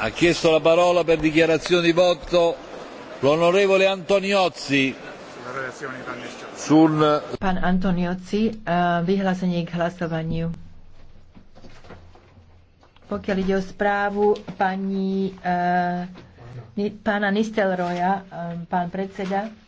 Ha chiesto la parola per dichiarazione di voto l'onorevole Antoniozzi. Sul... Pán Antoniozzi, eh, vyhlásenie k hlasovaniu. Pokiaľ ide o správu pani, eh, pána Nistelroja, eh, pán predseda,